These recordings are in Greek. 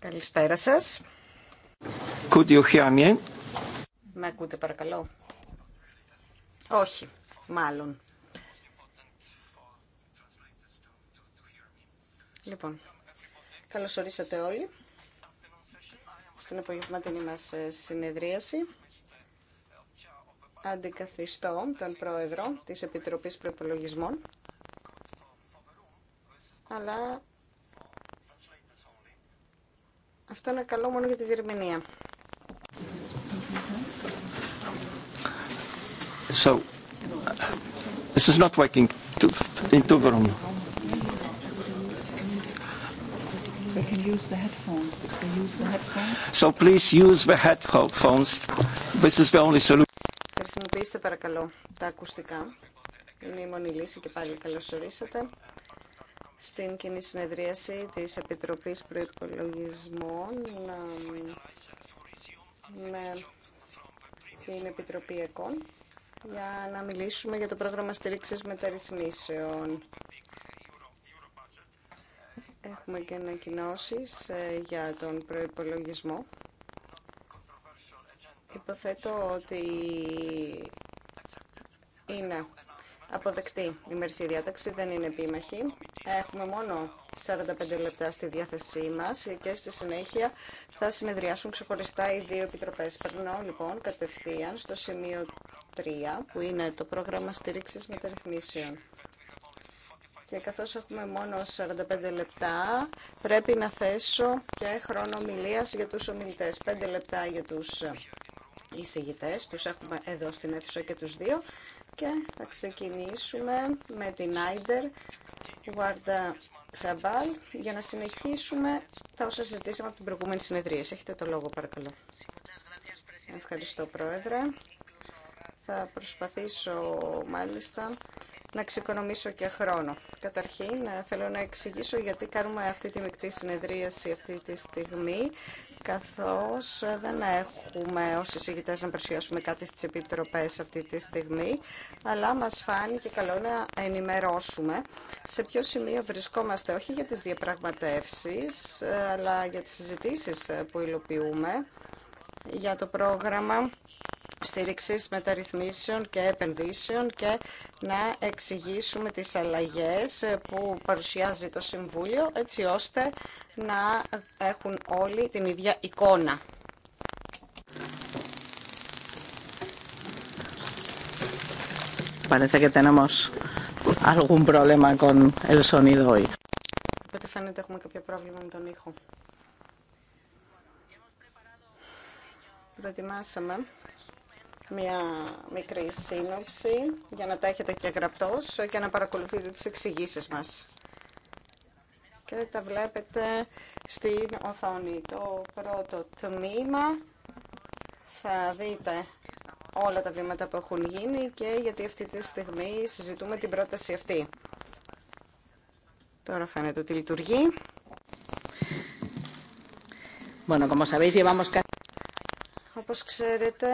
Καλησπέρα σας. Με ακούτε παρακαλώ. Όχι, μάλλον. Λοιπόν, καλώς ορίσατε όλοι στην απογευματινή μας ε, συνεδρίαση. Αντικαθιστώ τον πρόεδρο της Επιτροπής Προπολογισμών, αλλά αυτό είναι καλό μόνο για τη διερμηνία. So, uh, this is not working in Χρησιμοποιήστε παρακαλώ τα ακουστικά. Είναι η μόνη λύση και πάλι καλώς ορίσατε στην κοινή συνεδρίαση της Επιτροπής Προϋπολογισμών ε, με την Επιτροπή ΕΚΟΝ για να μιλήσουμε για το πρόγραμμα στήριξης μεταρρυθμίσεων. Έχουμε και ανακοινώσει ε, για τον προϋπολογισμό. Υποθέτω ότι είναι αποδεκτή η μερσή διάταξη, δεν είναι επίμαχη. Έχουμε μόνο 45 λεπτά στη διάθεσή μας και στη συνέχεια θα συνεδριάσουν ξεχωριστά οι δύο επιτροπές. Περνώ λοιπόν κατευθείαν στο σημείο 3 που είναι το πρόγραμμα στήριξης μεταρρυθμίσεων. Και καθώς έχουμε μόνο 45 λεπτά, πρέπει να θέσω και χρόνο ομιλίας για τους ομιλητές. 5 λεπτά για τους εισηγητές, τους έχουμε εδώ στην αίθουσα και τους δύο. Και θα ξεκινήσουμε με την Άιντερ Γουάρντα Σαμπάλ για να συνεχίσουμε τα όσα συζητήσαμε από την προηγούμενη συνεδρία. Έχετε το λόγο παρακαλώ. Ευχαριστώ Πρόεδρε. Θα προσπαθήσω μάλιστα να ξεκονομήσω και χρόνο. Καταρχήν, θέλω να εξηγήσω γιατί κάνουμε αυτή τη μεικτή συνεδρίαση αυτή τη στιγμή καθώς ε, δεν έχουμε ως εισηγητές να παρουσιάσουμε κάτι στις επιτροπές αυτή τη στιγμή, αλλά μας φάνηκε καλό να ενημερώσουμε σε ποιο σημείο βρισκόμαστε, όχι για τις διαπραγματεύσεις, ε, αλλά για τις συζητήσεις ε, που υλοποιούμε για το πρόγραμμα στήριξης μεταρρυθμίσεων και επενδύσεων και να εξηγήσουμε τις αλλαγές που παρουσιάζει το Συμβούλιο έτσι ώστε να έχουν όλοι την ίδια εικόνα. Parece que tenemos algún problema con el sonido hoy. ό,τι έχουμε κάποιο πρόβλημα με τον ήχο. Προετοιμάσαμε μια μικρή σύνοψη για να τα έχετε και γραπτός και να παρακολουθείτε τις εξηγήσεις μας. Και τα βλέπετε στην οθόνη. Το πρώτο τμήμα θα δείτε όλα τα βήματα που έχουν γίνει και γιατί αυτή τη στιγμή συζητούμε την πρόταση αυτή. Τώρα φαίνεται ότι λειτουργεί. Bueno, Όπως ξέρετε,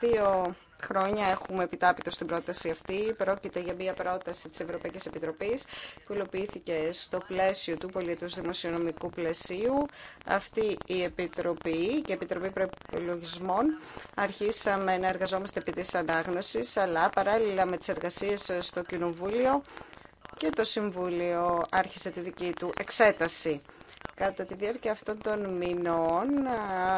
Δύο χρόνια έχουμε επιτάπητο στην πρόταση αυτή. Πρόκειται για μια πρόταση της Ευρωπαϊκής Επιτροπής που υλοποιήθηκε στο πλαίσιο του πολιτού δημοσιονομικού πλαισίου. Αυτή η Επιτροπή και η Επιτροπή Προπολογισμών αρχίσαμε να εργαζόμαστε επί της ανάγνωσης, αλλά παράλληλα με τις εργασίες στο Κοινοβούλιο και το Συμβούλιο άρχισε τη δική του εξέταση. Κατά τη διάρκεια αυτών των μηνών,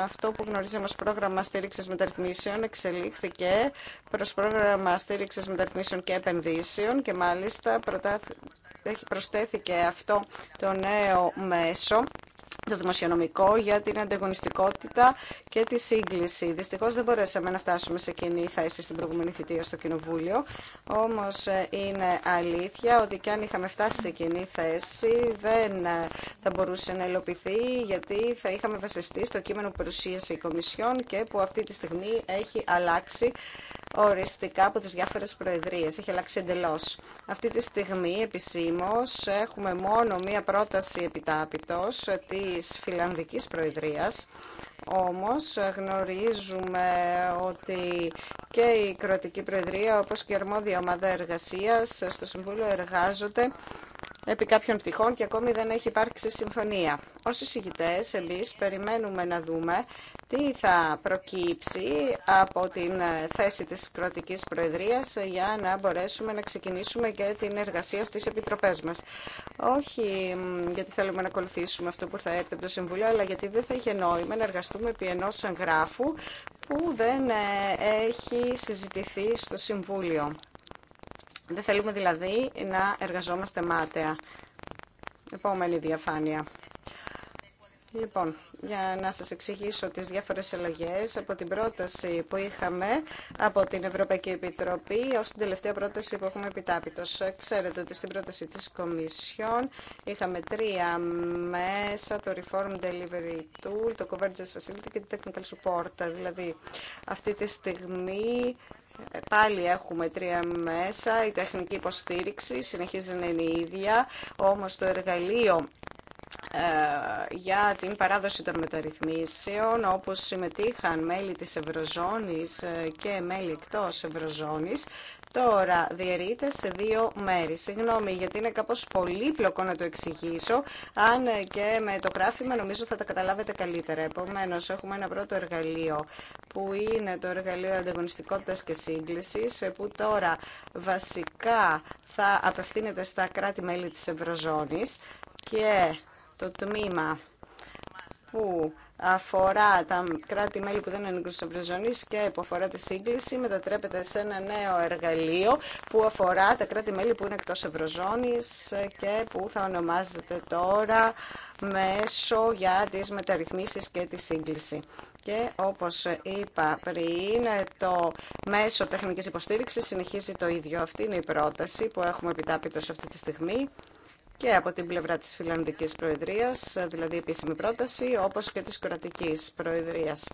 αυτό που γνωρίζαμε ως πρόγραμμα στήριξης μεταρρυθμίσεων εξελίχθηκε προς πρόγραμμα στήριξης μεταρρυθμίσεων και επενδύσεων και μάλιστα προσθέθηκε αυτό το νέο μέσο το δημοσιονομικό για την ανταγωνιστικότητα και τη σύγκληση. Δυστυχώ δεν μπορέσαμε να φτάσουμε σε κοινή θέση στην προηγούμενη θητεία στο Κοινοβούλιο, όμως ε, είναι αλήθεια ότι και αν είχαμε φτάσει σε κοινή θέση δεν ε, θα μπορούσε να υλοποιηθεί γιατί θα είχαμε βασιστεί στο κείμενο που παρουσίασε η Κομισιόν και που αυτή τη στιγμή έχει αλλάξει οριστικά από τις διάφορες προεδρίες. Έχει αλλάξει εντελώ. Αυτή τη στιγμή επισήμως έχουμε μόνο μία πρόταση επιτάπητος της Φιλανδικής Προεδρίας. Όμως γνωρίζουμε ότι και η Κροατική Προεδρία όπως και η αρμόδια ομάδα εργασίας στο Συμβούλιο εργάζονται επί κάποιων πτυχών και ακόμη δεν έχει υπάρξει συμφωνία. Ως εισηγητές εμείς περιμένουμε να δούμε τι θα προκύψει από την θέση της Κροατικής Προεδρίας για να μπορέσουμε να ξεκινήσουμε και την εργασία στις επιτροπές μας. Όχι γιατί θέλουμε να ακολουθήσουμε αυτό που θα έρθει από το Συμβουλίο, αλλά γιατί δεν θα είχε νόημα να εργαστούμε επί ενός εγγράφου που δεν ε, έχει συζητηθεί στο Συμβούλιο. Δεν θέλουμε δηλαδή να εργαζόμαστε μάταια. Επόμενη διαφάνεια. Λοιπόν, για να σας εξηγήσω τις διάφορες αλλαγές από την πρόταση που είχαμε από την Ευρωπαϊκή Επιτροπή ως την τελευταία πρόταση που έχουμε επιτάπητος. Ξέρετε ότι στην πρόταση της Κομισιόν είχαμε τρία μέσα, το Reform Delivery Tool, το Convergence Facility και το Technical Support. Δηλαδή αυτή τη στιγμή ε, Πάλι έχουμε τρία μέσα, η τεχνική υποστήριξη συνεχίζει να είναι η ίδια, όμως το εργαλείο ε, για την παράδοση των μεταρρυθμίσεων όπως συμμετείχαν μέλη της Ευρωζώνης ε, και μέλη εκτός Ευρωζώνης τώρα διαιρείται σε δύο μέρη. Συγγνώμη γιατί είναι κάπως πολύπλοκο να το εξηγήσω, αν ε, και με το γράφημα νομίζω θα τα καταλάβετε καλύτερα. Επομένως έχουμε ένα πρώτο εργαλείο που είναι το εργαλείο ανταγωνιστικότητας και σύγκλησης που τώρα βασικά θα απευθύνεται στα κράτη-μέλη της Ευρωζώνης και το τμήμα που αφορά τα κράτη-μέλη που δεν είναι στο Ευρωζώνη και που αφορά τη σύγκληση μετατρέπεται σε ένα νέο εργαλείο που αφορά τα κράτη-μέλη που είναι εκτός Ευρωζώνης και που θα ονομάζεται τώρα Μέσο για τις μεταρρυθμίσεις και τη σύγκληση. Και όπως είπα πριν, το μέσο τεχνικής υποστήριξης συνεχίζει το ίδιο. Αυτή είναι η πρόταση που έχουμε επιτάπητο αυτή τη στιγμή και από την πλευρά της Φιλανδικής Προεδρίας, δηλαδή επίσημη πρόταση, όπως και της κρατικής Προεδρίας.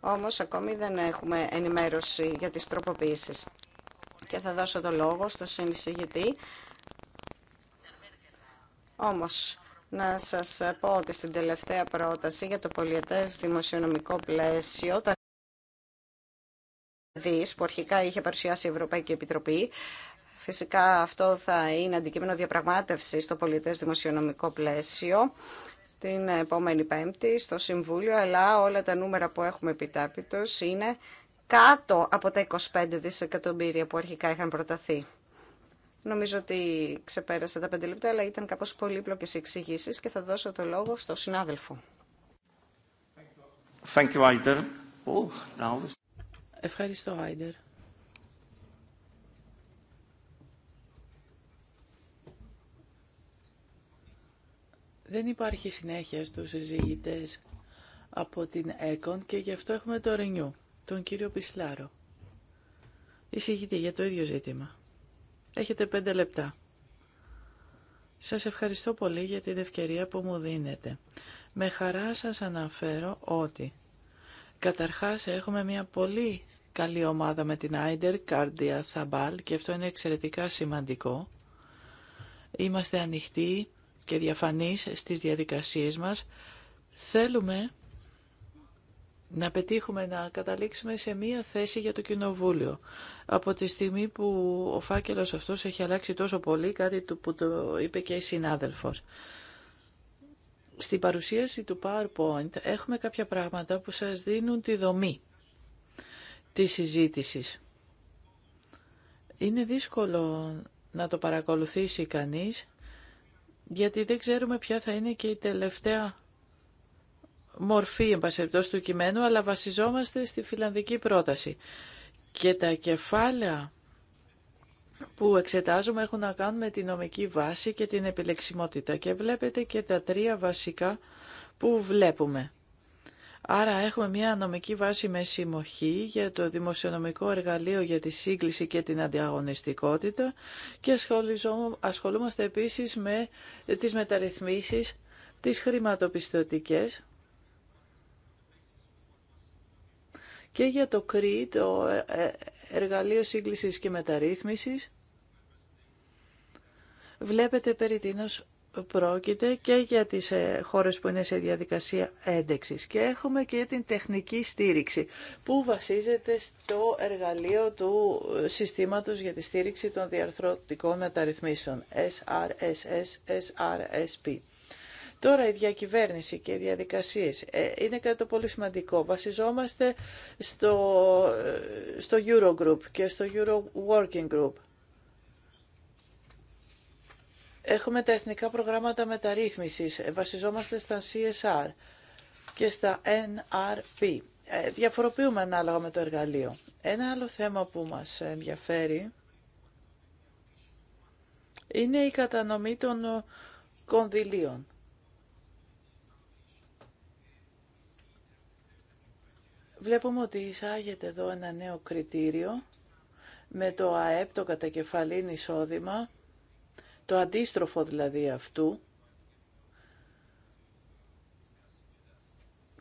Όμως ακόμη δεν έχουμε ενημέρωση για τις τροποποιήσεις. Και θα δώσω το λόγο στο συνεισηγητή. Όμως, να σας πω ότι στην τελευταία πρόταση για το πολιετές δημοσιονομικό πλαίσιο, τα δις δηλαδή, που αρχικά είχε παρουσιάσει η Ευρωπαϊκή Επιτροπή, Φυσικά αυτό θα είναι αντικείμενο διαπραγμάτευση στο πολιτές δημοσιονομικό πλαίσιο την επόμενη Πέμπτη στο Συμβούλιο, αλλά όλα τα νούμερα που έχουμε επιτάπητος είναι κάτω από τα 25 δισεκατομμύρια που αρχικά είχαν προταθεί. Νομίζω ότι ξεπέρασε τα 5 λεπτά, αλλά ήταν κάπως πολύπλοκες οι εξηγήσει και θα δώσω το λόγο στο συνάδελφο. Oh, Ευχαριστώ, Άιντερ. Δεν υπάρχει συνέχεια στους συζητητές από την ΕΚΟΝ και γι' αυτό έχουμε το Ρενιού, τον κύριο Πισλάρο. Εισηγητή για το ίδιο ζήτημα. Έχετε πέντε λεπτά. Σας ευχαριστώ πολύ για την ευκαιρία που μου δίνετε. Με χαρά σας αναφέρω ότι καταρχάς έχουμε μια πολύ καλή ομάδα με την Άιντερ, Κάρντια, Θαμπάλ και αυτό είναι εξαιρετικά σημαντικό. Είμαστε ανοιχτοί και διαφανείς στις διαδικασίες μας, θέλουμε να πετύχουμε να καταλήξουμε σε μία θέση για το Κοινοβούλιο. Από τη στιγμή που ο φάκελος αυτός έχει αλλάξει τόσο πολύ, κάτι που το είπε και η συνάδελφος. Στην παρουσίαση του PowerPoint έχουμε κάποια πράγματα που σας δίνουν τη δομή της συζήτησης. Είναι δύσκολο να το παρακολουθήσει κανείς γιατί δεν ξέρουμε ποια θα είναι και η τελευταία μορφή εμπασχευτός του κειμένου, αλλά βασιζόμαστε στη φιλανδική πρόταση. Και τα κεφάλαια που εξετάζουμε έχουν να κάνουν με τη νομική βάση και την επιλεξιμότητα. Και βλέπετε και τα τρία βασικά που βλέπουμε. Άρα έχουμε μια νομική βάση με συμμοχή για το δημοσιονομικό εργαλείο για τη σύγκληση και την αντιαγωνιστικότητα και ασχολούμαστε επίσης με τις μεταρρυθμίσεις, τις χρηματοπιστωτικές και για το ΚΡΙ, το ε, Εργαλείο Σύγκλησης και Μεταρρύθμισης. Βλέπετε περί πρόκειται και για τις ε, χώρες που είναι σε διαδικασία ένταξης και έχουμε και την τεχνική στήριξη που βασίζεται στο εργαλείο του ε, συστήματος για τη στήριξη των διαρθρωτικών μεταρρυθμίσεων SRSS, SRSP. Τώρα η διακυβέρνηση και οι διαδικασίες ε, είναι κάτι πολύ σημαντικό. Βασιζόμαστε στο, στο Eurogroup και στο Euro Group Έχουμε τα εθνικά προγράμματα μεταρρύθμισης, ε, βασιζόμαστε στα CSR και στα NRP. Ε, διαφοροποιούμε ανάλογα με το εργαλείο. Ένα άλλο θέμα που μας ενδιαφέρει είναι η κατανομή των ε, κονδυλίων. Βλέπουμε ότι εισάγεται εδώ ένα νέο κριτήριο με το ΑΕΠ, το κατακεφαλήν εισόδημα, το αντίστροφο δηλαδή αυτού.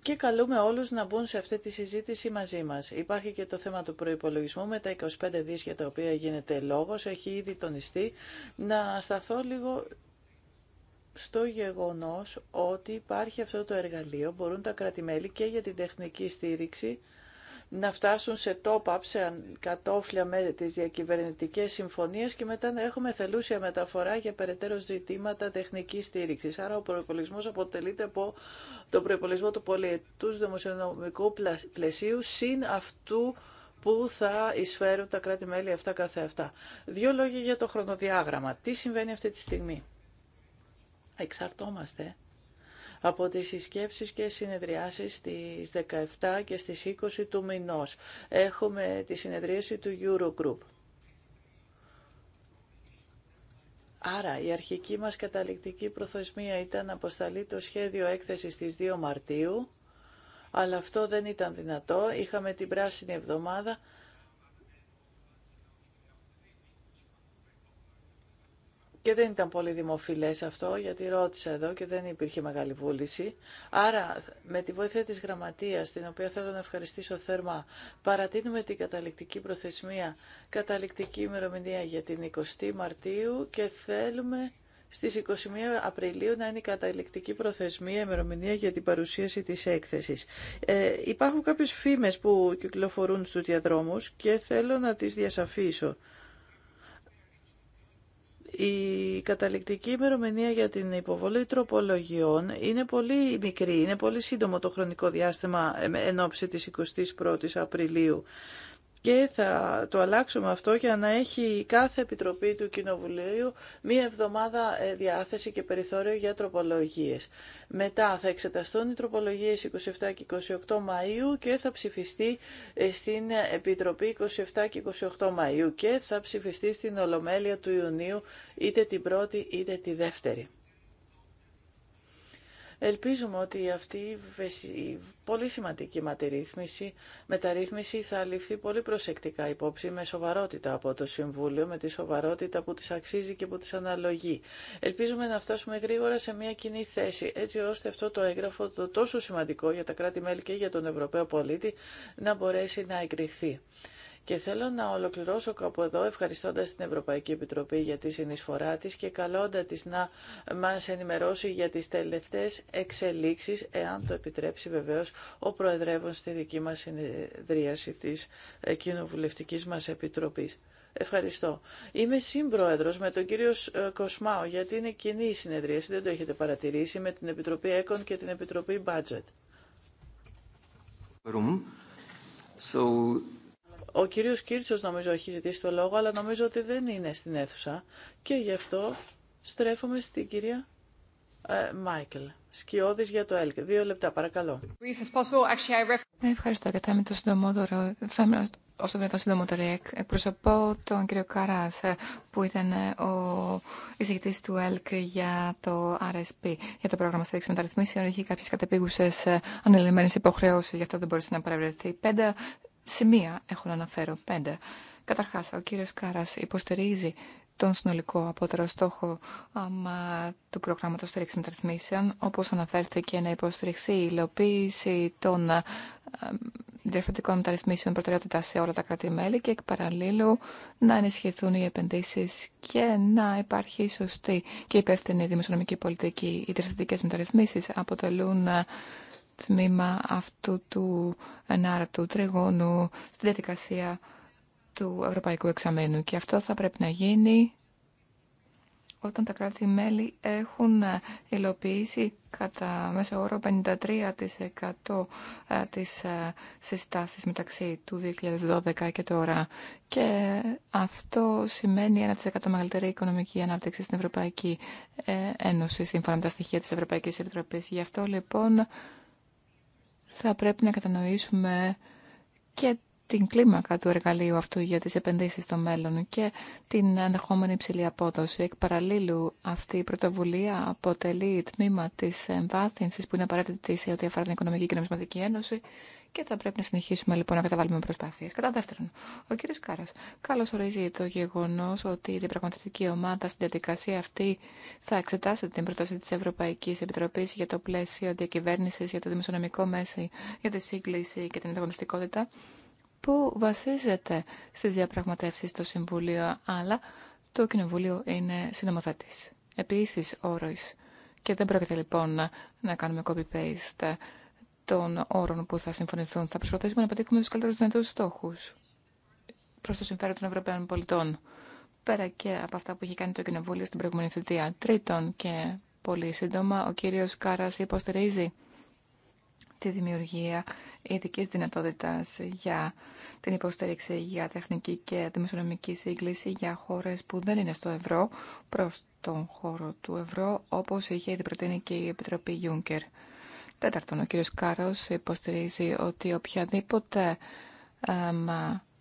Και καλούμε όλους να μπουν σε αυτή τη συζήτηση μαζί μας. Υπάρχει και το θέμα του προϋπολογισμού με τα 25 δις για τα οποία γίνεται λόγος. Έχει ήδη τονιστεί. Να σταθώ λίγο στο γεγονός ότι υπάρχει αυτό το εργαλείο. Μπορούν τα κρατημέλη και για την τεχνική στήριξη να φτάσουν σε top-up, σε κατόφλια με τις διακυβερνητικές συμφωνίες και μετά να έχουμε θελούσια μεταφορά για περαιτέρω ζητήματα τεχνικής στήριξης. Άρα ο προπολογισμό αποτελείται από τον προπολογισμό του πολιετούς δημοσιονομικού πλαισίου συν αυτού που θα εισφέρουν τα κράτη-μέλη αυτά καθε αυτά. Δύο λόγια για το χρονοδιάγραμμα. Τι συμβαίνει αυτή τη στιγμή. Εξαρτόμαστε από τις συσκέψεις και συνεδριάσεις στις 17 και στις 20 του μηνός. Έχουμε τη συνεδρίαση του Eurogroup. Άρα η αρχική μας καταληκτική προθεσμία ήταν να αποσταλεί το σχέδιο έκθεσης στις 2 Μαρτίου, αλλά αυτό δεν ήταν δυνατό. Είχαμε την πράσινη εβδομάδα Και δεν ήταν πολύ δημοφιλές αυτό, γιατί ρώτησα εδώ και δεν υπήρχε μεγάλη βούληση. Άρα, με τη βοήθεια της γραμματείας, την οποία θέλω να ευχαριστήσω θερμά, παρατείνουμε την καταληκτική προθεσμία, καταληκτική ημερομηνία για την 20η Μαρτίου και θέλουμε στις 21 Απριλίου να είναι η καταληκτική προθεσμία ημερομηνία για την παρουσίαση της έκθεσης. Ε, υπάρχουν κάποιες φήμες που κυκλοφορούν στους διαδρόμους και θέλω να τις διασαφίσω. Η καταληκτική ημερομηνία για την υποβολή τροπολογιών είναι πολύ μικρή, είναι πολύ σύντομο το χρονικό διάστημα ε, εν ώψη της 21ης Απριλίου και θα το αλλάξουμε αυτό για να έχει κάθε επιτροπή του Κοινοβουλίου μία εβδομάδα ε, διάθεση και περιθώριο για τροπολογίες. Μετά θα εξεταστούν οι τροπολογίες 27 και 28 Μαΐου και θα ψηφιστεί ε, στην Επιτροπή 27 και 28 Μαΐου και θα ψηφιστεί στην Ολομέλεια του Ιουνίου είτε την πρώτη είτε τη δεύτερη. Ελπίζουμε ότι αυτή η πολύ σημαντική μεταρρύθμιση θα ληφθεί πολύ προσεκτικά υπόψη με σοβαρότητα από το Συμβούλιο, με τη σοβαρότητα που της αξίζει και που της αναλογεί. Ελπίζουμε να φτάσουμε γρήγορα σε μια κοινή θέση, έτσι ώστε αυτό το έγγραφο, το τόσο σημαντικό για τα κράτη-μέλη και για τον Ευρωπαίο πολίτη, να μπορέσει να εκρηχθεί. Και θέλω να ολοκληρώσω κάπου εδώ ευχαριστώντας την Ευρωπαϊκή Επιτροπή για τη συνεισφορά της και καλώντα της να μας ενημερώσει για τις τελευταίες εξελίξεις, εάν το επιτρέψει βεβαίως ο Προεδρεύων στη δική μας συνεδρίαση της ε, Κοινοβουλευτικής μας Επιτροπής. Ευχαριστώ. Είμαι συμπρόεδρο με τον κύριο ε, Κοσμάο, γιατί είναι κοινή η συνεδρίαση, δεν το έχετε παρατηρήσει, με την Επιτροπή ΕΚΟΝ και την Επιτροπή Budget. Ο κύριος Κύρτσος νομίζω έχει ζητήσει το λόγο, αλλά νομίζω ότι δεν είναι στην αίθουσα και γι' αυτό στρέφομαι στην κυρία ε, Μάικλ. Σκιώδης για το ΕΛΚ. Δύο λεπτά, παρακαλώ. Ε, ευχαριστώ και θα είμαι το συντομότερο. Θα είμαι όσο δυνατόν συντομότερο. Εκπροσωπώ τον κύριο Καράς, ε, που ήταν ο εισηγητής του ΕΛΚ για το RSP, για το πρόγραμμα στήριξη μεταρρυθμίσεων. Έχει κάποιες κατεπίγουσες υποχρεώσεις, γι' αυτό δεν μπορούσε να παρευρεθεί. Πέντε σημεία έχω να αναφέρω. Πέντε. Καταρχάς, ο κύριος Κάρας υποστηρίζει τον συνολικό απότερο στόχο αμα, του προγράμματος στήριξη μεταρρυθμίσεων, όπως αναφέρθηκε να υποστηριχθεί η υλοποίηση των διευθυντικών μεταρρυθμίσεων προτεραιότητα σε όλα τα κράτη-μέλη και εκ παραλλήλου να ενισχυθούν οι επενδύσεις και να υπάρχει σωστή και υπεύθυνη δημοσιονομική πολιτική. Οι διαφορετικές μεταρρυθμίσεις αποτελούν τμήμα αυτού του ενάρτου τριγώνου στη διαδικασία του Ευρωπαϊκού Εξαμένου. Και αυτό θα πρέπει να γίνει όταν τα κράτη-μέλη έχουν υλοποιήσει κατά μέσο όρο 53% της ε, ε, συστάσεις μεταξύ του 2012 και τώρα. Και αυτό σημαίνει 1% μεγαλύτερη οικονομική ανάπτυξη στην Ευρωπαϊκή ε, Ένωση, σύμφωνα με τα στοιχεία της Ευρωπαϊκής Επιτροπής. Γι' αυτό λοιπόν θα πρέπει να κατανοήσουμε και την κλίμακα του εργαλείου αυτού για τις επενδύσεις στο μέλλον και την ενδεχόμενη υψηλή απόδοση. Εκ παραλλήλου, αυτή η πρωτοβουλία αποτελεί τμήμα της εμβάθυνσης που είναι απαραίτητη σε ό,τι αφορά την Οικονομική και Νομισματική Ένωση και θα πρέπει να συνεχίσουμε λοιπόν να καταβάλουμε προσπάθειες. Κατά δεύτερον, ο κύριος Κάρας καλώς ορίζει το γεγονός ότι η διαπραγματευτική ομάδα στην διαδικασία αυτή θα εξετάσει την πρόταση της Ευρωπαϊκής Επιτροπής για το πλαίσιο διακυβέρνησης για το δημοσιονομικό μέση, για τη σύγκληση και την ανταγωνιστικότητα που βασίζεται στις διαπραγματεύσεις στο Συμβούλιο, αλλά το Κοινοβούλιο είναι συνομοθετή. Επίσης, όρος. Και δεν πρόκειται λοιπόν να κάνουμε copy-paste των όρων που θα συμφωνηθούν. Θα προσπαθήσουμε να πετύχουμε του καλύτερου δυνατού στόχου προ το συμφέρον των Ευρωπαίων πολιτών. Πέρα και από αυτά που είχε κάνει το Κοινοβούλιο στην προηγούμενη θητεία. Τρίτον και πολύ σύντομα, ο κύριο Κάρας υποστηρίζει τη δημιουργία ειδική δυνατότητα για την υποστήριξη για τεχνική και δημοσιονομική σύγκληση για χώρε που δεν είναι στο ευρώ προ τον χώρο του ευρώ, όπω είχε ήδη προτείνει και η Επιτροπή Juncker. Τέταρτον, ο κύριος Κάρος υποστηρίζει ότι οποιαδήποτε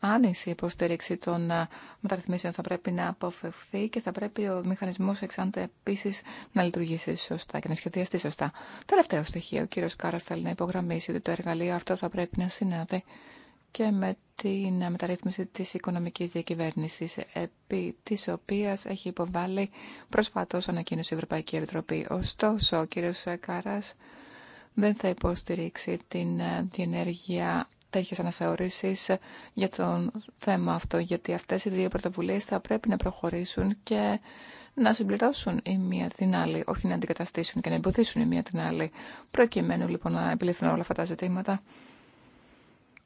άνηση υποστήριξη των ε, μεταρρυθμίσεων θα πρέπει να αποφευθεί και θα πρέπει ο μηχανισμός εξάντα επίση να λειτουργήσει σωστά και να σχεδιαστεί σωστά. Τελευταίο στοιχείο, ο κύριο Κάρα θέλει να υπογραμμίσει ότι το εργαλείο αυτό θα πρέπει να συνάδει και με την μεταρρύθμιση της οικονομικής διακυβέρνησης, επί της οποίας έχει υποβάλει προσφατώς ανακοίνωση η Ευρωπαϊκή Επιτροπή. Ωστόσο, ο κύριος Κάρας δεν θα υποστηρίξει την διενέργεια ε, τέτοιες αναθεωρήσεις για το θέμα αυτό, γιατί αυτές οι δύο πρωτοβουλίες θα πρέπει να προχωρήσουν και να συμπληρώσουν η μία την άλλη, όχι να αντικαταστήσουν και να εμποδίσουν η μία την άλλη. Προκειμένου λοιπόν να επιληθούν όλα αυτά τα ζητήματα,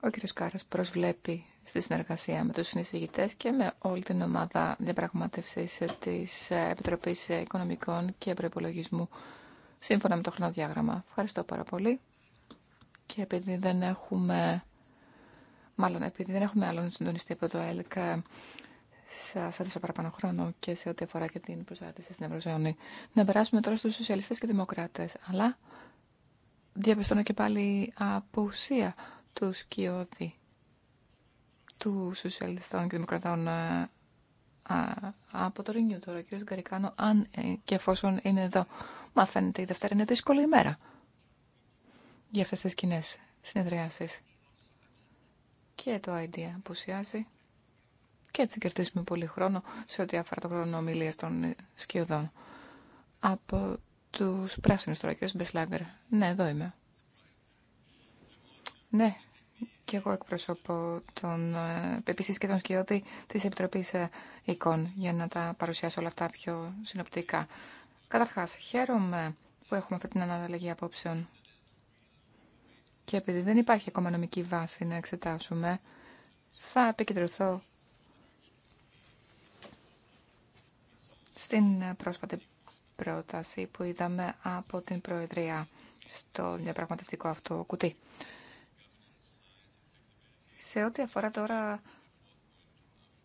ο κ. Κάρας προσβλέπει στη συνεργασία με τους συνεισηγητές και με όλη την ομάδα διαπραγμάτευσης της Επιτροπής Οικονομικών και Προϋπολογισμού σύμφωνα με το χρονοδιάγραμμα. Ευχαριστώ πάρα πολύ. Και επειδή δεν έχουμε, μάλλον επειδή δεν έχουμε άλλον συντονιστή από το ΕΛΚ, σα έδωσα παραπάνω χρόνο και σε ό,τι αφορά και την προσάρτηση στην Ευρωζώνη. Να περάσουμε τώρα στου σοσιαλιστέ και δημοκράτε. Αλλά διαπιστώνω και πάλι απουσία του σκιώδη του σοσιαλιστών και δημοκρατών ε, από το Ρινιού τώρα, κύριο Γκαρικάνο, αν ε, και εφόσον είναι εδώ. Μα φαίνεται η Δευτέρα είναι δύσκολη ημέρα για αυτές τις κοινέ συνεδριάσεις. Και το idea που σιάζει. Και έτσι κερδίσουμε πολύ χρόνο σε ό,τι αφορά το χρόνο ομιλία των σκιωδών. Από τους πράσινους τώρα, κύριος Μπεσλάγκερ. Ναι, εδώ είμαι. Ναι, και εγώ εκπροσωπώ τον, ε, επίσης και τον σκιώδη της Επιτροπής Εικόν για να τα παρουσιάσω όλα αυτά πιο συνοπτικά. Καταρχάς, χαίρομαι που έχουμε αυτή την αναλλαγή απόψεων. Και επειδή δεν υπάρχει ακόμα νομική βάση να εξετάσουμε, θα επικεντρωθώ στην πρόσφατη πρόταση που είδαμε από την Προεδρία στο διαπραγματευτικό αυτό κουτί. Σε ό,τι αφορά τώρα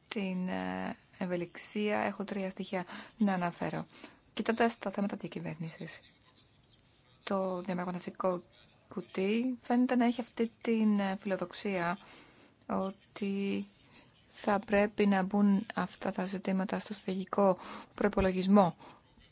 την ε, ευελιξία, έχω τρία στοιχεία να αναφέρω. Κοιτώντα τα θέματα διακυβέρνηση. Το διαπραγματευτικό κουτί φαίνεται να έχει αυτή την ε, φιλοδοξία ότι θα πρέπει να μπουν αυτά τα ζητήματα στο στρατηγικό προπολογισμό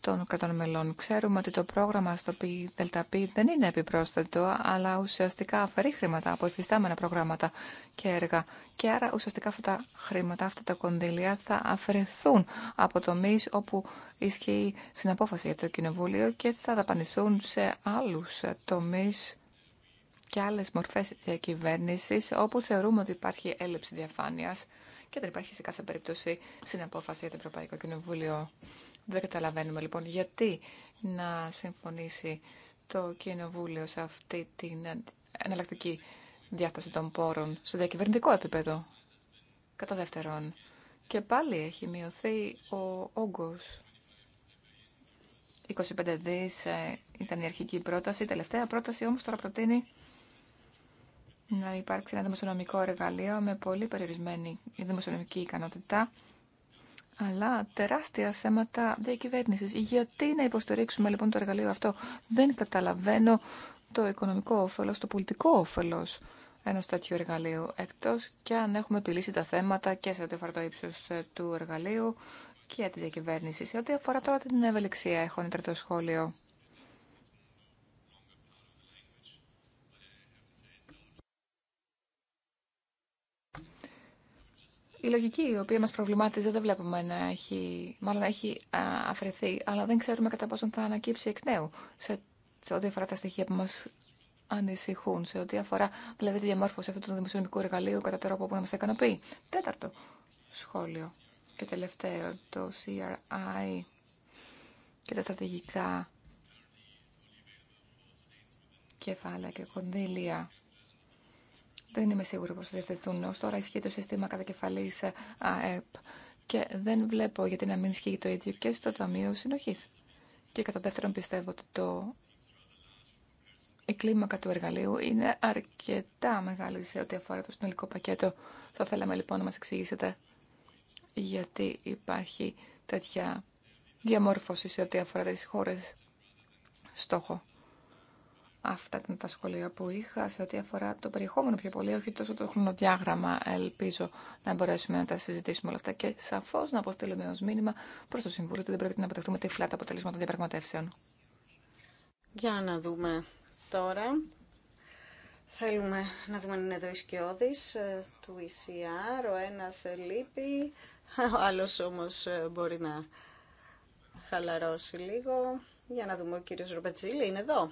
των κρατών μελών. Ξέρουμε ότι το πρόγραμμα στο ΔΕΛΤΑΠΗ δεν είναι επιπρόσθετο, αλλά ουσιαστικά αφαιρεί χρήματα από υφιστάμενα προγράμματα και έργα. Και άρα ουσιαστικά αυτά τα χρήματα, αυτά τα κονδύλια θα αφαιρεθούν από το τομεί όπου ισχύει συναπόφαση για το Κοινοβούλιο και θα δαπανηθούν σε άλλου τομεί και άλλε μορφέ διακυβέρνηση όπου θεωρούμε ότι υπάρχει έλλειψη διαφάνεια και δεν υπάρχει σε κάθε περίπτωση συναπόφαση για το Ευρωπαϊκό Κοινοβούλιο. Δεν καταλαβαίνουμε λοιπόν γιατί να συμφωνήσει το Κοινοβούλιο σε αυτή την εναλλακτική διάσταση των πόρων σε διακυβερνητικό επίπεδο. Κατά δεύτερον, και πάλι έχει μειωθεί ο όγκος. 25 δις ε, ήταν η αρχική πρόταση, η τελευταία πρόταση όμως τώρα προτείνει να υπάρξει ένα δημοσιονομικό εργαλείο με πολύ περιορισμένη δημοσιονομική ικανότητα αλλά τεράστια θέματα διακυβέρνηση. Γιατί να υποστηρίξουμε λοιπόν το εργαλείο αυτό. Δεν καταλαβαίνω το οικονομικό όφελο, το πολιτικό όφελο ενό τέτοιου εργαλείου. Εκτό και αν έχουμε επιλύσει τα θέματα και σε ό,τι αφορά το ύψο ε, του εργαλείου και τη διακυβέρνηση. Σε ό,τι αφορά τώρα την ευελιξία, έχω ένα τρίτο σχόλιο. η λογική η οποία μας προβλημάτιζε δεν βλέπουμε να έχει, μάλλον έχει αφαιρεθεί, αλλά δεν ξέρουμε κατά πόσον θα ανακύψει εκ νέου σε, σε ό,τι αφορά τα στοιχεία που μας ανησυχούν, σε ό,τι αφορά δηλαδή τη διαμόρφωση αυτού του δημοσιονομικού εργαλείου κατά τρόπο που να μας ικανοποιεί. Τέταρτο σχόλιο και τελευταίο, το CRI και τα στρατηγικά κεφάλαια και κονδύλια δεν είμαι σίγουρη πως θα διευθυνθούν. Ως τώρα ισχύει το σύστημα κατακεφαλής ε, ΑΕΠ και δεν βλέπω γιατί να μην ισχύει το ίδιο και στο Ταμείο Συνοχής. Και κατά δεύτερον πιστεύω ότι το... η κλίμακα του εργαλείου είναι αρκετά μεγάλη σε ό,τι αφορά το συνολικό πακέτο. Θα θέλαμε λοιπόν να μας εξηγήσετε γιατί υπάρχει τέτοια διαμόρφωση σε ό,τι αφορά τις χώρες στόχο. Αυτά ήταν τα σχολεία που είχα σε ό,τι αφορά το περιεχόμενο πιο πολύ, όχι τόσο το χρονοδιάγραμμα. Ελπίζω να μπορέσουμε να τα συζητήσουμε όλα αυτά και σαφώ να αποστείλουμε ω μήνυμα προ το Συμβούλιο ότι δεν πρέπει να αποτεχτούμε τυφλά τα αποτελέσματα των διαπραγματεύσεων. Για να δούμε τώρα. Θέλουμε να δούμε αν είναι εδώ οι ε, του ECR. Ο ένας λείπει, ο άλλος όμως ε, μπορεί να χαλαρώσει λίγο. Για να δούμε ο κύριος Ροπετζήλη είναι εδώ.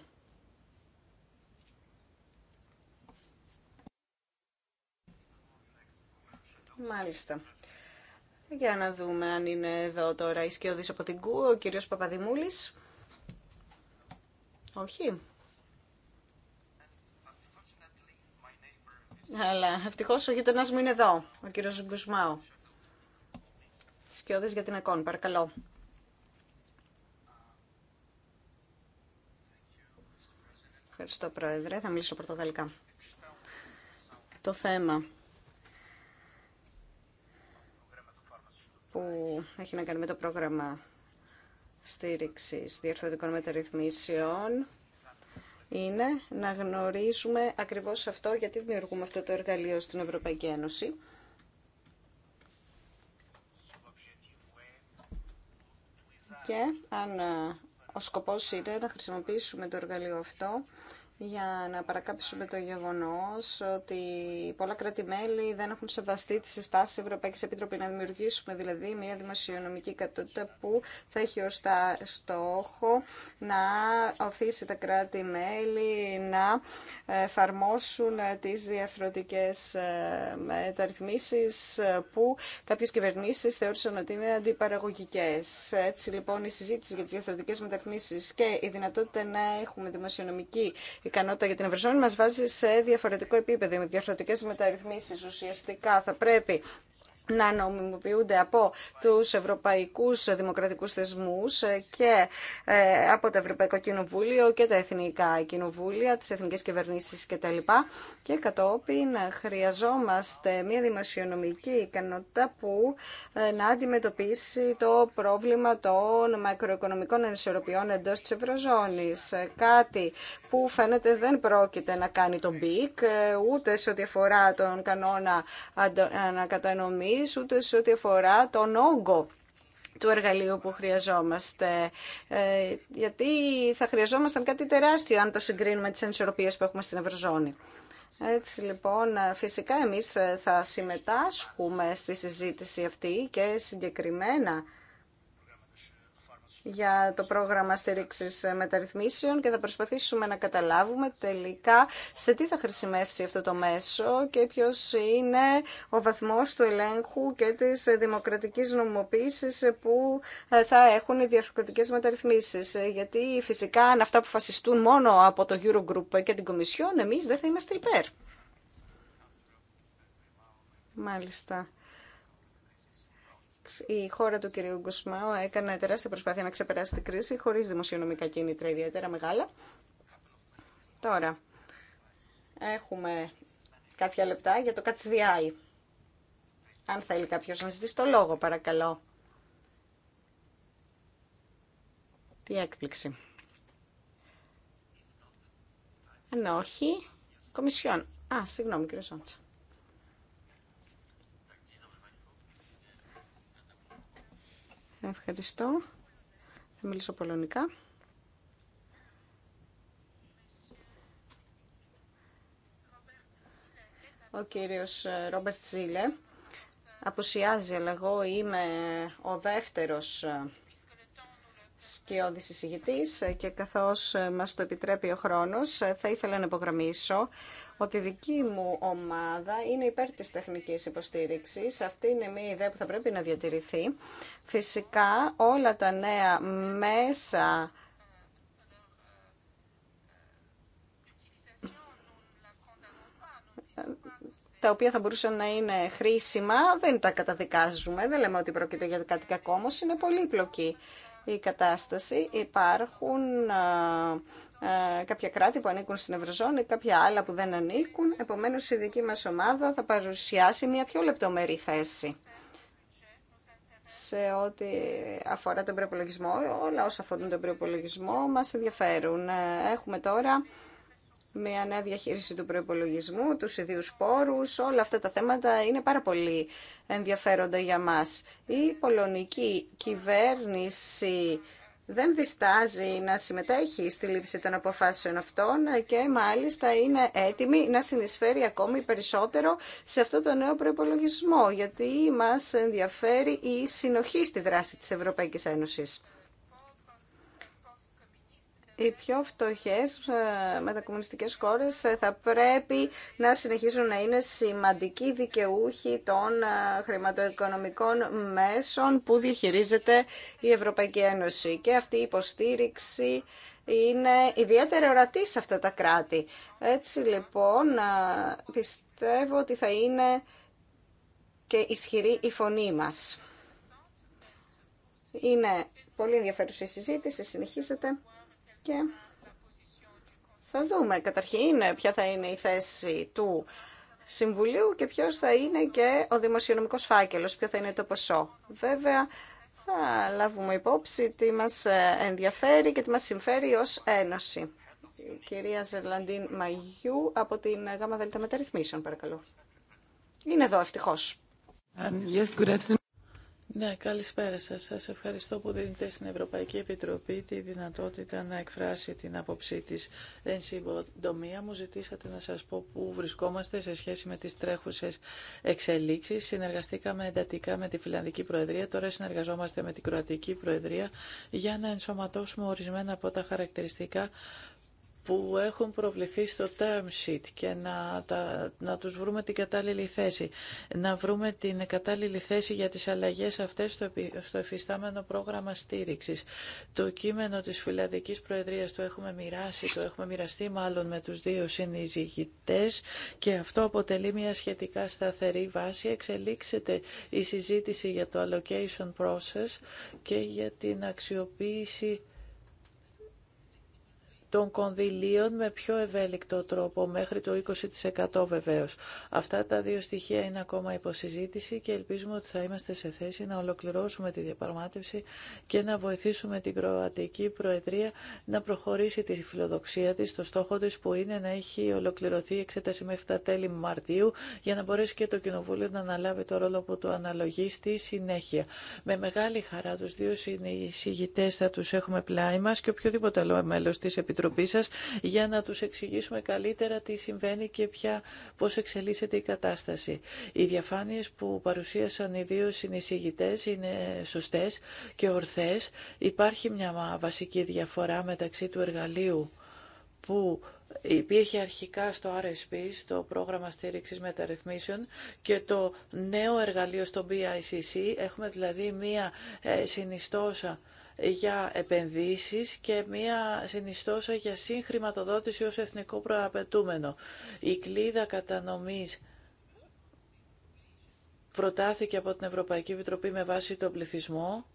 Μάλιστα. Για να δούμε αν είναι εδώ τώρα η Σκιώδης από την ΚΟΥ, ο κύριος Παπαδημούλης. Όχι. Αλλά ευτυχώ ο γείτονα μου είναι εδώ, ο κύριος Γκουσμάου. Σκιώδης για την ΕΚΟΝ, παρακαλώ. Ευχαριστώ, Πρόεδρε. Θα μιλήσω πρωτογαλλικά. Το θέμα που έχει να κάνει με το πρόγραμμα στήριξης διορθωτικών μεταρρυθμίσεων είναι να γνωρίζουμε ακριβώς αυτό γιατί δημιουργούμε αυτό το εργαλείο στην Ευρωπαϊκή Ένωση. Και αν ε, ο σκοπός είναι να χρησιμοποιήσουμε το εργαλείο αυτό για να παρακάψουμε το γεγονό οτι ότι πολλά κράτη-μέλη δεν έχουν σεβαστεί τι συστάσει της Ευρωπαϊκής Επιτροπή να δημιουργήσουμε δηλαδή μια δημοσιονομική κατότητα που θα έχει ω στόχο να οθήσει τα κράτη-μέλη να εφαρμόσουν τι διαφορετικέ ε, μεταρρυθμίσει που κάποιε κυβερνήσει θεώρησαν ότι είναι αντιπαραγωγικέ. Έτσι λοιπόν η συζήτηση για τι διαφορετικέ μεταρρυθμίσεις και η δυνατότητα να έχουμε δημοσιονομική ικανότητα για την Ευρωζώνη μα βάζει σε διαφορετικό επίπεδο με διαφορετικέ μεταρρυθμίσεις. Ουσιαστικά θα πρέπει να νομιμοποιούνται από τους ευρωπαϊκούς δημοκρατικούς θεσμούς και ε, από το Ευρωπαϊκό Κοινοβούλιο και τα Εθνικά Κοινοβούλια, τις Εθνικές Κυβερνήσεις κτλ. Και κατόπιν χρειαζόμαστε μια δημοσιονομική ικανότητα που ε, να αντιμετωπίσει το πρόβλημα των μακροοικονομικών ανισορροπιών εντός της Ευρωζώνης. Κάτι που φαίνεται δεν πρόκειται να κάνει το BIC, ε, ούτε σε ό,τι αφορά τον κανόνα ανακατανομή ούτε σε ό,τι αφορά τον όγκο του εργαλείου που χρειαζόμαστε. Ε, γιατί θα χρειαζόμασταν κάτι τεράστιο αν το συγκρίνουμε τις ανισορροπίες που έχουμε στην Ευρωζώνη. Έτσι λοιπόν, φυσικά εμείς θα συμμετάσχουμε στη συζήτηση αυτή και συγκεκριμένα για το πρόγραμμα στήριξη μεταρρυθμίσεων και θα προσπαθήσουμε να καταλάβουμε τελικά σε τι θα χρησιμεύσει αυτό το μέσο και ποιο είναι ο βαθμός του ελέγχου και της δημοκρατικής νομοποίηση που θα έχουν οι διαφορετικές μεταρρυθμίσεις. Γιατί φυσικά αν αυτά αποφασιστούν μόνο από το Eurogroup και την Κομισιόν, εμεί δεν θα είμαστε υπέρ. Μάλιστα η χώρα του κυρίου Γκουσμάου έκανε τεράστια προσπάθεια να ξεπεράσει την κρίση χωρίς δημοσιονομικά κίνητρα ιδιαίτερα μεγάλα. Τώρα, έχουμε κάποια λεπτά για το κατσδιάι. Αν θέλει κάποιος να ζητήσει το λόγο, παρακαλώ. Τι έκπληξη. Ε, Αν ναι, όχι, κομισιόν. Α, συγγνώμη κύριε Σόντσα. Ευχαριστώ. Θα μιλήσω πολωνικά. Ο κύριος ε, Ρόμπερτ Σίλε αποσιάζει, αλλά εγώ είμαι ο δεύτερος ε, σκιώδης εισηγητής και καθώς ε, μας το επιτρέπει ο χρόνος θα ήθελα να υπογραμμίσω ότι η δική μου ομάδα είναι υπέρ της τεχνικής υποστήριξης. Αυτή είναι μια ιδέα που θα πρέπει να διατηρηθεί. Φυσικά όλα τα νέα μέσα τα οποία θα μπορούσαν να είναι χρήσιμα, δεν τα καταδικάζουμε, δεν λέμε ότι πρόκειται για κάτι κακό, όμως είναι πολύπλοκη η κατάσταση. Υπάρχουν ε, κάποια κράτη που ανήκουν στην Ευρωζώνη, κάποια άλλα που δεν ανήκουν. Επομένως, η δική μας ομάδα θα παρουσιάσει μια πιο λεπτομερή θέση σε ό,τι αφορά τον προπολογισμό. Όλα όσα αφορούν τον προπολογισμό μας ενδιαφέρουν. Ε, έχουμε τώρα μια νέα διαχείριση του προπολογισμού, τους ιδίους πόρους, όλα αυτά τα θέματα είναι πάρα πολύ ενδιαφέροντα για μας. Η πολωνική κυβέρνηση δεν διστάζει να συμμετέχει στη λήψη των αποφάσεων αυτών και μάλιστα είναι έτοιμη να συνεισφέρει ακόμη περισσότερο σε αυτό το νέο προπολογισμό, γιατί μας ενδιαφέρει η συνοχή στη δράση της Ευρωπαϊκής Ένωσης οι πιο φτωχές ε, μετακομμουνιστικές κόρες ε, θα πρέπει να συνεχίζουν να είναι σημαντικοί δικαιούχοι των ε, χρηματοοικονομικών μέσων που διαχειρίζεται η Ευρωπαϊκή Ένωση. Και αυτή η υποστήριξη είναι ιδιαίτερα ορατή σε αυτά τα κράτη. Έτσι λοιπόν πιστεύω ότι θα είναι και ισχυρή η φωνή μας. Είναι πολύ ενδιαφέρουσα η συζήτηση, συνεχίζεται και θα δούμε καταρχήν ποια θα είναι η θέση του Συμβουλίου και ποιος θα είναι και ο δημοσιονομικός φάκελος, ποιο θα είναι το ποσό. Βέβαια, θα λάβουμε υπόψη τι μας ε, ενδιαφέρει και τι μας συμφέρει ως Ένωση. κυρία Ζερλαντίν Μαγιού από την ΓΑΜΑ Μεταρρυθμίσεων, παρακαλώ. Είναι εδώ, ευτυχώς. Um, yes, ναι, καλησπέρα σας. Σας ευχαριστώ που δίνετε στην Ευρωπαϊκή Επιτροπή τη δυνατότητα να εκφράσει την άποψή της. Εν μου ζητήσατε να σας πω πού βρισκόμαστε σε σχέση με τις τρέχουσες εξελίξεις. Συνεργαστήκαμε εντατικά με τη Φιλανδική Προεδρία, τώρα συνεργαζόμαστε με την Κροατική Προεδρία για να ενσωματώσουμε ορισμένα από τα χαρακτηριστικά που έχουν προβληθεί στο term sheet και να, τα, να τους βρούμε την κατάλληλη θέση. Να βρούμε την κατάλληλη θέση για τις αλλαγές αυτές στο, στο εφιστάμενο πρόγραμμα στήριξης. Το κείμενο της Φιλανδικής Προεδρίας το έχουμε μοιράσει, το έχουμε μοιραστεί μάλλον με τους δύο συνειζηγητές και αυτό αποτελεί μια σχετικά σταθερή βάση. Εξελίξεται η συζήτηση για το allocation process και για την αξιοποίηση των κονδυλίων με πιο ευέλικτο τρόπο, μέχρι το 20% βεβαίως. Αυτά τα δύο στοιχεία είναι ακόμα υποσυζήτηση και ελπίζουμε ότι θα είμαστε σε θέση να ολοκληρώσουμε τη διαπραγμάτευση και να βοηθήσουμε την Κροατική Προεδρία να προχωρήσει τη φιλοδοξία της, το στόχο της που είναι να έχει ολοκληρωθεί η εξέταση μέχρι τα τέλη Μαρτίου για να μπορέσει και το Κοινοβούλιο να αναλάβει το ρόλο που του αναλογεί στη συνέχεια. Με μεγάλη χαρά τους δύο συνεισηγητές θα τους έχουμε πλάι μας και οποιοδήποτε άλλο μέλος της Επιτροπή για να τους εξηγήσουμε καλύτερα τι συμβαίνει και πια πώς εξελίσσεται η κατάσταση. Οι διαφάνειες που παρουσίασαν οι δύο συνεισηγητές είναι σωστές και ορθές. Υπάρχει μια βασική διαφορά μεταξύ του εργαλείου που υπήρχε αρχικά στο RSP, στο πρόγραμμα στήριξης μεταρρυθμίσεων και το νέο εργαλείο στο BICC. Έχουμε δηλαδή μία ε, συνιστόσα για επενδύσεις και μία συνιστόσα για συγχρηματοδότηση ως εθνικό προαπαιτούμενο. Η κλίδα κατανομής προτάθηκε από την Ευρωπαϊκή Επιτροπή με βάση τον πληθυσμό,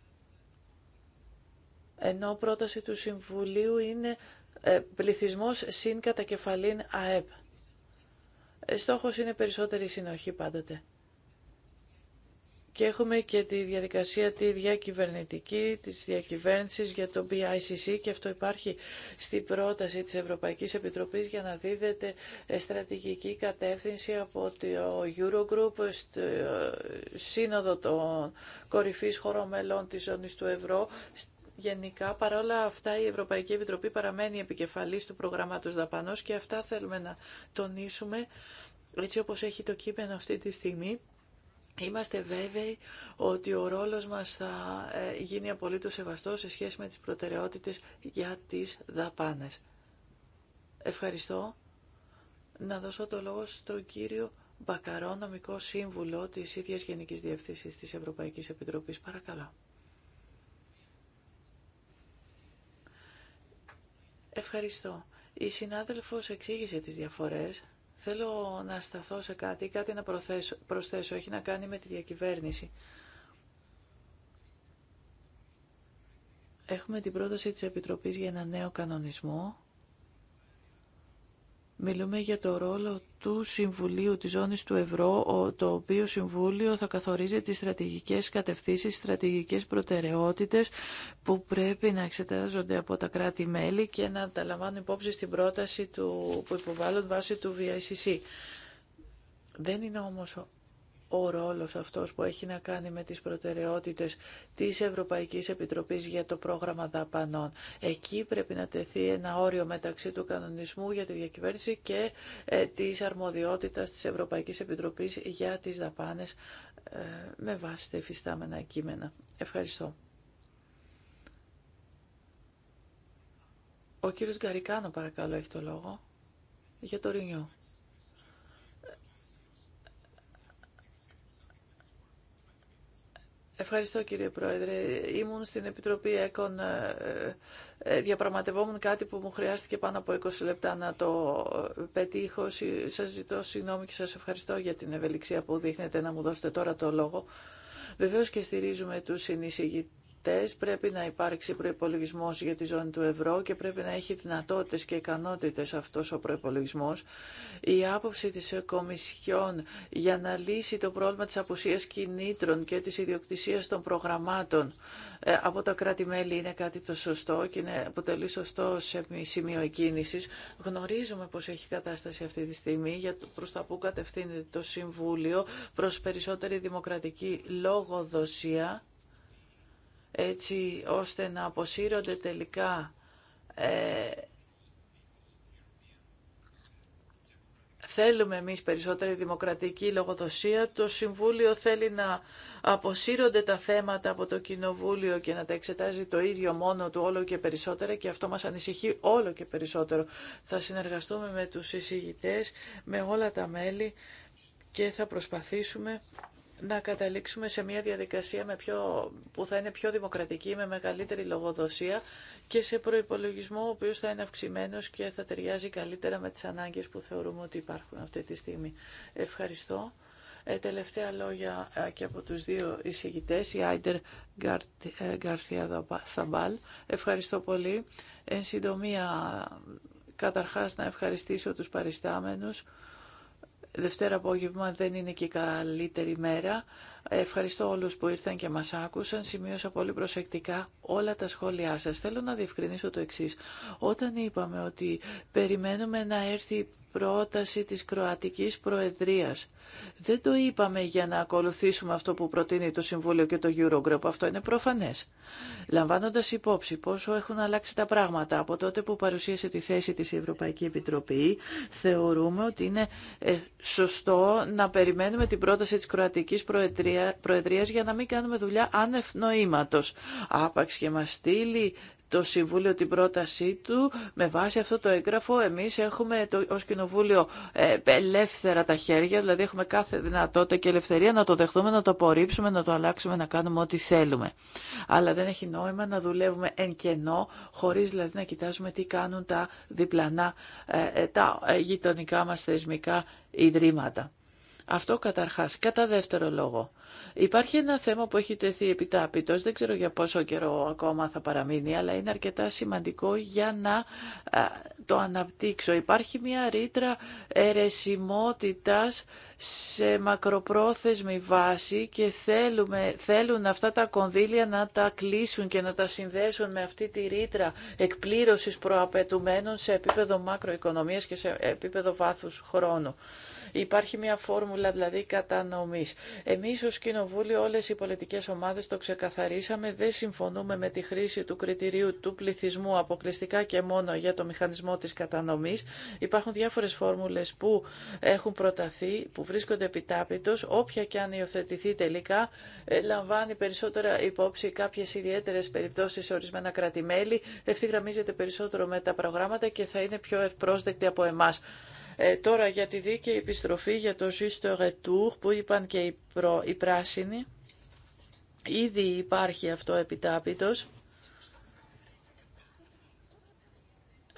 ενώ πρόταση του Συμβουλίου είναι ε, πληθυσμός συν κατακεφαλήν ΑΕΠ. Ε, στόχος είναι περισσότερη συνοχή πάντοτε. Και έχουμε και τη διαδικασία τη διακυβερνητική της διακυβέρνησης για το BICC και αυτό υπάρχει στην πρόταση της Ευρωπαϊκής Επιτροπής για να δίδεται ε, στρατηγική κατεύθυνση από το Eurogroup στο ε, σύνοδο των κορυφής χωρών μελών της ζώνης του ευρώ Γενικά, παρόλα αυτά, η Ευρωπαϊκή Επιτροπή παραμένει επικεφαλής του προγραμμάτους δαπανός και αυτά θέλουμε να τονίσουμε έτσι όπως έχει το κείμενο αυτή τη στιγμή Είμαστε βέβαιοι ότι ο ρόλος μας θα ε, γίνει απολύτως σεβαστός σε σχέση με τις προτεραιότητες για τις δαπάνες. Ευχαριστώ. Να δώσω το λόγο στον κύριο Μπακαρό, νομικό σύμβουλο της ίδιας Γενικής Διευθύνσης της Ευρωπαϊκής Επιτροπής. Παρακαλώ. Ευχαριστώ. Η συνάδελφος εξήγησε τις διαφορές Θέλω να σταθώ σε κάτι, κάτι να προθέσω, προσθέσω. Έχει να κάνει με τη διακυβέρνηση. Έχουμε την πρόταση της Επιτροπής για ένα νέο κανονισμό Μιλούμε για το ρόλο του Συμβουλίου της Ζώνης του Ευρώ, το οποίο Συμβούλιο θα καθορίζει τις στρατηγικές κατευθύνσεις, στρατηγικές προτεραιότητες που πρέπει να εξετάζονται από τα κράτη-μέλη και να τα λαμβάνουν υπόψη στην πρόταση του, που υποβάλλουν βάσει του VICC. Δεν είναι όμως ο ρόλος αυτός που έχει να κάνει με τις προτεραιότητες της Ευρωπαϊκής Επιτροπής για το πρόγραμμα δαπανών. Εκεί πρέπει να τεθεί ένα όριο μεταξύ του κανονισμού για τη διακυβέρνηση και ε, της αρμοδιότητας της Ευρωπαϊκής Επιτροπής για τις δαπάνες ε, με βάση τα εφιστάμενα κείμενα. Ευχαριστώ. Ο κύριος Γκαρικάνο παρακαλώ έχει το λόγο για το Ρινιό. Ευχαριστώ κύριε Πρόεδρε. Ήμουν στην Επιτροπή ΕΚΟΝ, ε, ε, ε, διαπραγματευόμουν κάτι που μου χρειάστηκε πάνω από 20 λεπτά να το πετύχω. Σας ζητώ συγγνώμη και σας ευχαριστώ για την ευελιξία που δείχνετε να μου δώσετε τώρα το λόγο. Βεβαίως και στηρίζουμε τους συνεισηγητές πρέπει να υπάρξει προϋπολογισμός για τη ζώνη του ευρώ και πρέπει να έχει δυνατότητες και ικανότητες αυτός ο προϋπολογισμός. Η άποψη της Κομισιόν για να λύσει το πρόβλημα της απουσίας κινήτρων και της ιδιοκτησίας των προγραμμάτων ε, από τα κράτη-μέλη είναι κάτι το σωστό και είναι, αποτελεί σωστό σε σημείο εκκίνηση. Γνωρίζουμε πω έχει κατάσταση αυτή τη στιγμή για τα που κατευθύνεται το Συμβούλιο προ περισσότερη δημοκρατική λόγοδοσία έτσι ώστε να αποσύρονται τελικά ε, θέλουμε εμείς περισσότερη δημοκρατική λογοδοσία. Το Συμβούλιο θέλει να αποσύρονται τα θέματα από το Κοινοβούλιο και να τα εξετάζει το ίδιο μόνο του όλο και περισσότερα και αυτό μας ανησυχεί όλο και περισσότερο. Θα συνεργαστούμε με τους εισηγητές, με όλα τα μέλη και θα προσπαθήσουμε να καταλήξουμε σε μια διαδικασία με πιο, που θα είναι πιο δημοκρατική, με μεγαλύτερη λογοδοσία και σε προϋπολογισμό ο οποίος θα είναι αυξημένο και θα ταιριάζει καλύτερα με τις ανάγκες που θεωρούμε ότι υπάρχουν αυτή τη στιγμή. Ευχαριστώ. Ε, τελευταία λόγια και από τους δύο εισηγητές, η Άιντερ Γκαρθία ε, Θαμπάλ. Ευχαριστώ πολύ. Εν συντομία, καταρχάς να ευχαριστήσω τους παριστάμενους Δευτέρα απόγευμα δεν είναι και η καλύτερη μέρα. Ευχαριστώ όλους που ήρθαν και μας άκουσαν. Σημείωσα πολύ προσεκτικά όλα τα σχόλιά σας. Θέλω να διευκρινίσω το εξής. Όταν είπαμε ότι περιμένουμε να έρθει πρόταση της Κροατικής Προεδρίας. Δεν το είπαμε για να ακολουθήσουμε αυτό που προτείνει το Συμβούλιο και το Eurogroup, αυτό είναι προφανές. Λαμβάνοντας υπόψη πόσο έχουν αλλάξει τα πράγματα από τότε που παρουσίασε τη θέση της Ευρωπαϊκή Επιτροπή, θεωρούμε ότι είναι ε, σωστό να περιμένουμε την πρόταση της Κροατικής Προεδρίας για να μην κάνουμε δουλειά άνευ νοήματος. Άπαξ και μας στείλει το Συμβούλιο την πρότασή του. Με βάση αυτό το έγγραφο εμείς έχουμε το, ως Κοινοβούλιο ε, ελεύθερα τα χέρια, δηλαδή έχουμε κάθε δυνατότητα και ελευθερία να το δεχτούμε, να το απορρίψουμε, να το αλλάξουμε, να κάνουμε ό,τι θέλουμε. Αλλά δεν έχει νόημα να δουλεύουμε εν κενό, χωρίς δηλαδή να κοιτάζουμε τι κάνουν τα διπλανά, ε, ε τα ε, γειτονικά μας θεσμικά ιδρύματα. Αυτό καταρχάς. Κατά δεύτερο λόγο, Υπάρχει ένα θέμα που έχει τεθεί επιτάπητος, δεν ξέρω για πόσο καιρό ακόμα θα παραμείνει, αλλά είναι αρκετά σημαντικό για να το αναπτύξω. Υπάρχει μια ρήτρα ερεσιμότητας σε μακροπρόθεσμη βάση και θέλουμε, θέλουν αυτά τα κονδύλια να τα κλείσουν και να τα συνδέσουν με αυτή τη ρήτρα εκπλήρωσης προαπαιτουμένων σε επίπεδο μακροοικονομίας και σε επίπεδο βάθους χρόνου. Υπάρχει μια φόρμουλα δηλαδή κατανομής. Εμείς ως Κοινοβούλιο όλες οι πολιτικές ομάδες το ξεκαθαρίσαμε, δεν συμφωνούμε με τη χρήση του κριτηρίου του πληθυσμού αποκλειστικά και μόνο για το μηχανισμό της κατανομής. Υπάρχουν διάφορες φόρμουλες που έχουν προταθεί, που βρίσκονται επιτάπητος, όποια και αν υιοθετηθεί τελικά, ε, λαμβάνει περισσότερα υπόψη κάποιες ιδιαίτερες περιπτώσεις σε ορισμένα κρατημέλη, ευθυγραμμίζεται περισσότερο με τα προγράμματα και θα είναι πιο ευπρόσδεκτη από εμάς. Ε, τώρα για τη δίκαιη επιστροφή, για το juste retour που είπαν και οι, προ, οι πράσινοι, ήδη υπάρχει αυτό επιτάπητος.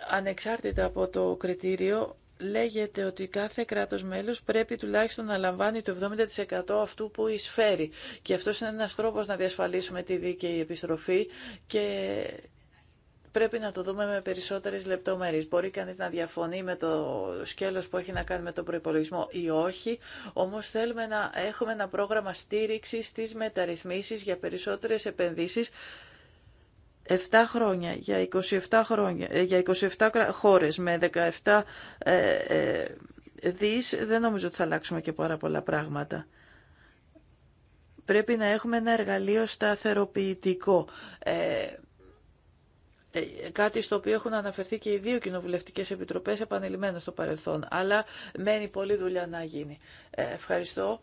Ανεξάρτητα από το κριτήριο, λέγεται ότι κάθε κράτος μέλος πρέπει τουλάχιστον να λαμβάνει το 70% αυτού που εισφέρει. Και αυτός είναι ένας τρόπος να διασφαλίσουμε τη δίκαιη επιστροφή και πρέπει να το δούμε με περισσότερες λεπτομέρειες. Μπορεί κανείς να διαφωνεί με το σκέλος που έχει να κάνει με τον προϋπολογισμό ή όχι, όμως θέλουμε να έχουμε ένα πρόγραμμα στήριξης στις μεταρρυθμίσεις για περισσότερες επενδύσεις 7 χρόνια, για 27, χρόνια, ε, για 27 χώρες με 17 ε, ε, δις, δεν νομίζω ότι θα αλλάξουμε και πάρα πολλά πράγματα. Πρέπει να έχουμε ένα εργαλείο σταθεροποιητικό. Ε, ε, κάτι στο οποίο έχουν αναφερθεί και οι δύο κοινοβουλευτικές επιτροπές επανειλημμένα στο παρελθόν, αλλά μένει πολλή δουλειά να γίνει. Ε, ευχαριστώ.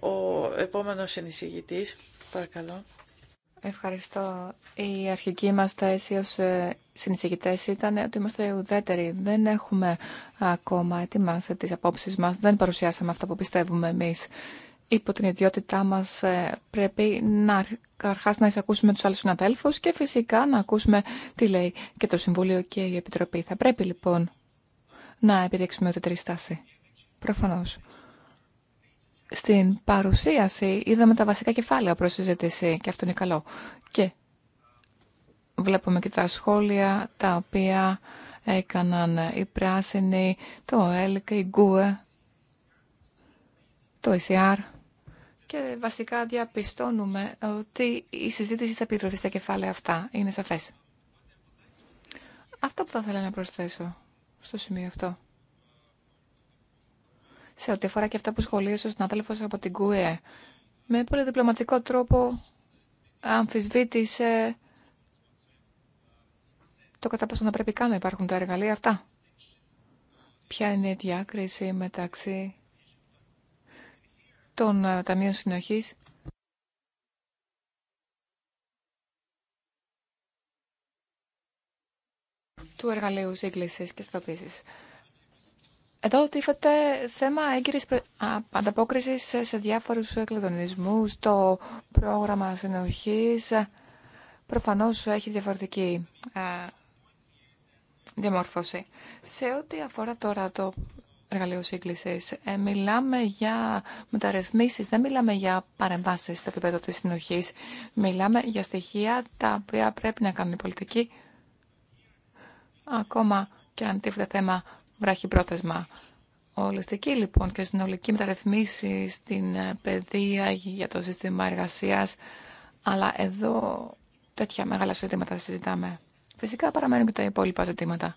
Ο επόμενος συνεισηγητής, παρακαλώ. Ευχαριστώ. Η αρχική μας θέση ως ε, συνεισηγητές ήταν ότι είμαστε ουδέτεροι. Δεν έχουμε ακόμα ετοιμάσει τις απόψεις μα Δεν παρουσιάσαμε αυτά που πιστεύουμε εμείς υπό την ιδιότητά μας ε, πρέπει να αρχάς να εισακούσουμε τους άλλους συναδέλφους και φυσικά να ακούσουμε τι λέει και το Συμβούλιο και η Επιτροπή. Θα πρέπει λοιπόν να επιδείξουμε ότι τρεις στάση. Προφανώς. Στην παρουσίαση είδαμε τα βασικά κεφάλαια προς συζήτηση και αυτό είναι καλό. Και βλέπουμε και τα σχόλια τα οποία έκαναν οι πράσινοι, το ΕΛΚ, η ΓΚΟΕ, το ΕΣΙΑΡ, και βασικά διαπιστώνουμε ότι η συζήτηση θα πειτρωθεί στα κεφάλαια αυτά. Είναι σαφές. Αυτό που θα ήθελα να προσθέσω στο σημείο αυτό. Σε ό,τι αφορά και αυτά που σχολίασε ο συνάδελφος από την ΚΟΕ, με πολύ διπλωματικό τρόπο αμφισβήτησε το κατά πόσο θα πρέπει καν να υπάρχουν τα εργαλεία αυτά. Ποια είναι η διάκριση μεταξύ των ε, Ταμείων Συνοχής του εργαλείου σύγκλησης και στοπίση. Εδώ τίθεται θέμα έγκυρης ανταπόκριση σε διάφορους εκλεδονισμού Το πρόγραμμα συνοχής ε, προφανώς έχει διαφορετική ε, διαμόρφωση. Σε ό,τι αφορά τώρα το εργαλείο σύγκληση. Ε, μιλάμε για μεταρρυθμίσει, δεν μιλάμε για παρεμβάσει στο επίπεδο τη συνοχή. Μιλάμε για στοιχεία τα οποία πρέπει να κάνουν οι πολιτικοί, ακόμα και αν τίθεται θέμα βράχει πρόθεσμα. Ολιστική λοιπόν και συνολική μεταρρυθμίση στην ε, παιδεία για το σύστημα εργασία. Αλλά εδώ τέτοια μεγάλα ζητήματα συζητάμε. Φυσικά παραμένουν και τα υπόλοιπα ζητήματα.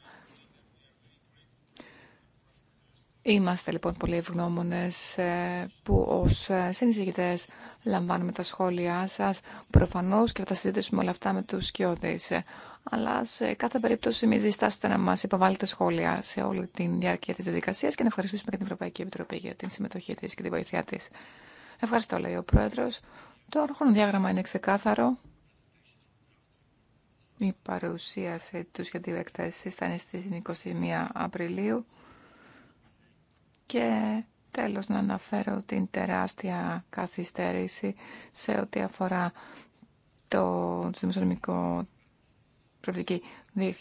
Είμαστε λοιπόν πολύ ευγνώμονε ε, που ω ε, συνεισηγητέ λαμβάνουμε τα σχόλιά σα. Προφανώ και θα τα συζητήσουμε όλα αυτά με του σκιώδει. Ε, αλλά σε κάθε περίπτωση μην διστάσετε να μα υποβάλλετε σχόλια σε όλη τη διάρκεια τη διαδικασία και να ευχαριστήσουμε και την Ευρωπαϊκή Επιτροπή για την συμμετοχή τη και τη βοήθειά τη. Ευχαριστώ, λέει ο Πρόεδρο. Το χρονοδιάγραμμα είναι ξεκάθαρο. Η παρουσίαση του σχεδίου εκθέσει θα είναι στις 21 Απριλίου. Και τέλος να αναφέρω την τεράστια καθυστέρηση σε ό,τι αφορά το δημοσιονομικό προοπτική 2021-2027.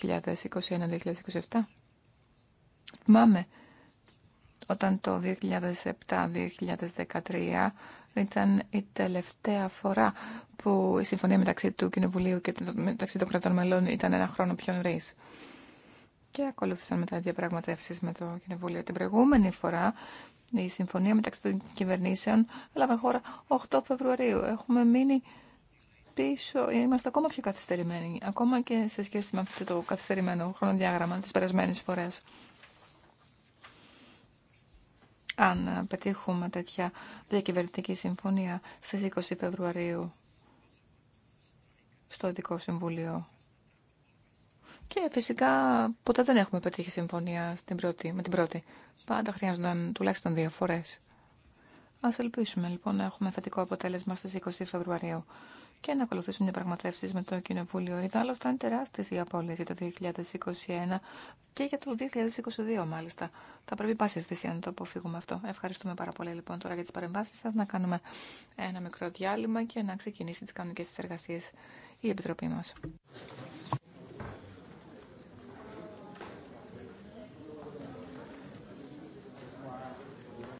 Θυμάμαι όταν το 2007-2013 ήταν η τελευταία φορά που η συμφωνία μεταξύ του Κοινοβουλίου και μεταξύ των κρατών μελών ήταν ένα χρόνο πιο νωρίς και ακολούθησαν μετά διαπραγματεύσει με το Κοινοβούλιο. Την προηγούμενη φορά η συμφωνία μεταξύ των κυβερνήσεων έλαβε χώρα 8 Φεβρουαρίου. Έχουμε μείνει πίσω, είμαστε ακόμα πιο καθυστερημένοι, ακόμα και σε σχέση με αυτό το καθυστερημένο χρονοδιάγραμμα της περασμένη φορές. Αν πετύχουμε τέτοια διακυβερνητική συμφωνία στις 20 Φεβρουαρίου στο Ειδικό Συμβούλιο και φυσικά ποτέ δεν έχουμε πετύχει συμφωνία στην πρώτη, με την πρώτη. Πάντα χρειάζονταν τουλάχιστον δύο φορέ. Α ελπίσουμε λοιπόν να έχουμε θετικό αποτέλεσμα στι 20 Φεβρουαρίου και να ακολουθήσουν οι πραγματεύσει με το Κοινοβούλιο. Ιδάλλως θα είναι τεράστιε οι απώλειε για το 2021 και για το 2022 μάλιστα. Θα πρέπει πάση θυσία να το αποφύγουμε αυτό. Ευχαριστούμε πάρα πολύ λοιπόν τώρα για τι παρεμβάσει σα Να κάνουμε ένα μικρό διάλειμμα και να ξεκινήσει τι κανονικέ τη η Επιτροπή μα.